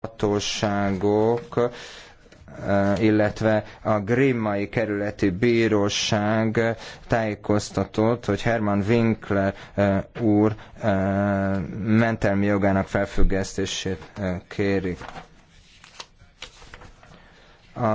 hatóságok, eh, illetve a Grimmai kerületi bíróság tájékoztatott, hogy Herman Winkler eh, úr eh, mentelmi jogának felfüggesztését kéri.